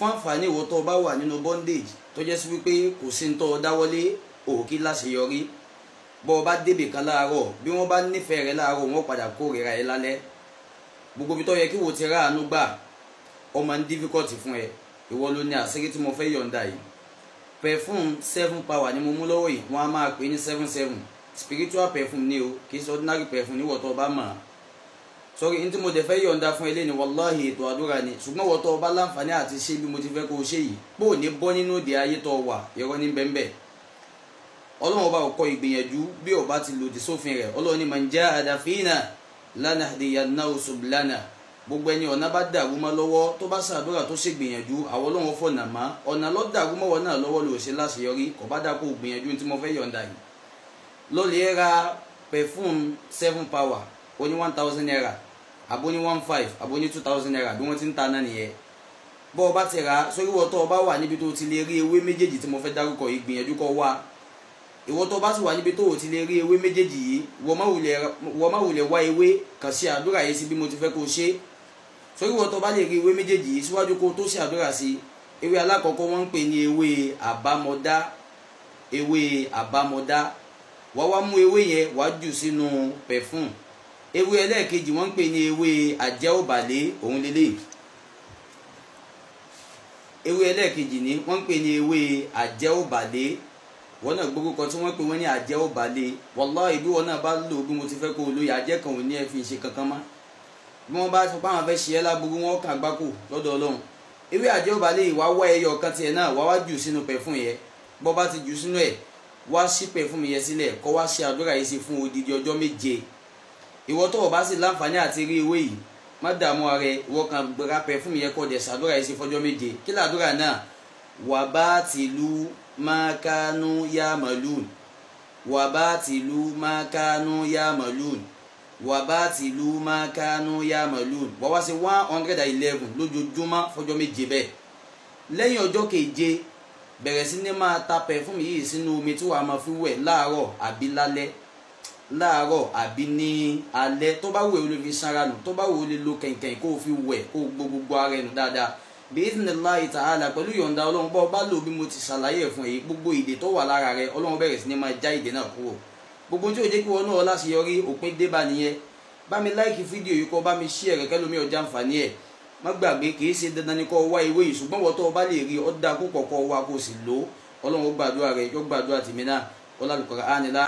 fún àǹfààní ìwọ tó o bá wà nínú bondage tó jẹ́ sí wípé kò sí ní tó o dáwọ́lé òkè láṣeyọrí bó o bá débì kan láàárọ̀ bí wọ́n bá nífẹ̀ẹ́ rẹ láàárọ̀ wọ́n padà kórìíra ẹ lálẹ́ gbogbo ibi tó yẹ kí wo ti ráàánú gbà ó máa ń difficult fún ẹ ìwọ ló ní àṣírí tí mo fẹ́ yọ̀ǹda yìí perfume seven power ni mo mú lọ́wọ́ yìí wọ́n á máa pè ní seven seven spiritual perfume ni o kì í ṣe ordinary perfume níwọ̀ tó o bá mọ̀ ọ́ sọ́rí ní tí mo dẹ̀ fẹ́ yọ̀ǹda fún ilé ni wàláhì ètò àdúrà ni ṣùgbọ́n wọ́n tọ́ ọba láǹfààní àti ṣé bí mo ti fẹ́ kó o ṣe yìí bó o ní bọ́ nínú òde ayé tó wà ẹ̀rọ ní bẹ́ńbẹ́ ọlọ́run ọba ò kọ ìgbìyànjú bí ọba ti lòdì sófin rẹ̀ ọlọ́run ni man jahada fina lanahdiyannahu sublana gbogbo ẹni ọ̀nà bá dàrú mọ́ lọ́wọ́ tó bá ṣàdúrà tó ṣe gbìyànjú àwọn ọlọ́run fọ̀nà mọ́ ọ̀nà lọ́ dàrú mọ́wọ́ náà lọ́wọ́ ló ṣe láṣeyọrí kò bá dákú gbìyànjú tí mo fẹ́ yọ̀ǹda yìí lọ́ọ̀lì ẹ̀ ra perfume seven power oní one thousand naira àbó ní one five àbó ní two thousand naira bí wọ́n ti ń ta náà nìyẹn bọ́ ọ bá ti rà á sórí wọ́n tó ọ bá wà níbi tó ti lè rí ewé méjèèjì tí mo fẹ́ dárúkọ yìí gbìyànjú kó wá ìwọ tó bá sì wà níbi tó o ti lè rí ewé méjèèjì yìí wọ́n má wulẹ̀ wá ewé kàn sí àdúrà yìí sí bí mo ti fẹ́ kó o ṣe sórí wọ́n tó bá lè rí ewé méjèèjì yìí síwájú kó o tó ṣe àdúrà sí ewé alákọ̀ọ́kọ́ wọ́n ń pè ní ewé àbámọ̀dá ewé àbámọ̀dá wàá wá mú ewé yẹn wàá jù sínú pẹ̀fún ewé ẹlẹ́ẹ̀kejì wọ́n ń pè ní ewé àjẹ́òbàlé òun lélẹ̀ ewé ẹlẹ́ẹ̀kejì ni wọ́n ń pè ní ewé àjẹ́òbàlé wọn náà gbogbo kan tí wọ́n pè wọ́n ní àjẹ́òbàlé wàláhì bí wọn náà bá lò bí mo ti fẹ́ kó o lóye àjẹ́ kan ò ní ẹ fi ṣe kankan mọ́ bí wọ́n bá sọ pé àwọn fẹ́ ṣe ẹ́ láburú wọn kà gbáko lọ́dọ̀ ọlọ́run ewé àjẹ́òbàlé wá wá ẹyọ kan tiẹ̀ náà wá wá jù sínú pẹ̀fún yẹn bọ́ bá ti jù sínú ẹ̀ wá sí pẹ̀fún yẹn sílẹ̀ kọ́ wá ṣe àdúrà yìí sí fún odidi ọjọ́ méje ìwọ tó o bá sì láǹfààní àti rí ewé yìí má dààmú ara ẹ ìwọ kan gbéra pẹ fún mi yẹ kọ́ dẹ̀ sàdúrà yìí sí fọjọ́ méje kí làdúrà náà wà bá tìlú máa yá màlúù wà bá tìlú máa yá màlúù wà bá tìlú máa yá màlúù wà wá sí one hundred and eleven lójoojúmọ́ fọjọ́ méje bẹ́ẹ̀ lẹ́yìn ọjọ́ keje bẹ̀rẹ̀ sí ní máa ta pẹ̀ fún mi yìí sínú omi tí wàá máa fi wẹ̀ láàárọ̀ àbí lálẹ́ láàárọ̀ àbí ní alẹ́ tó bá wù ẹ́ o lè fi sanra nù tó bá wù ẹ́ o lè lo kẹ̀kẹ́ kó o fi wẹ̀ kó o gbó gbogbo ara ẹ̀ nù dáadáa bi'idhnillahi ta'ala pẹ̀lú yọ̀ǹda ọlọ́run bá bá lò bí mo ti ṣàlàyé ẹ̀ fún èyí gbogbo ìdè tó wà lára rẹ ọlọ́run bẹ̀rẹ̀ sí ni máa já ìdè náà kúrò gbogbo tí ó jẹ́ kí wọn náà láṣeyọrí òpin dé bá nìyẹn bá mi láìkì fídíò yìí kọ́ bá mi ṣí ẹ̀rẹ̀ kẹ́lómi ọjà àǹfààní ẹ̀ má gbàgbé kì í ṣe dandan ni kọ́ wá ìwé yìí ṣùgbọ́n wọ́n tó o bá lè rí ọ́ dáa púpọ̀ kọ́ wa kó o sì lò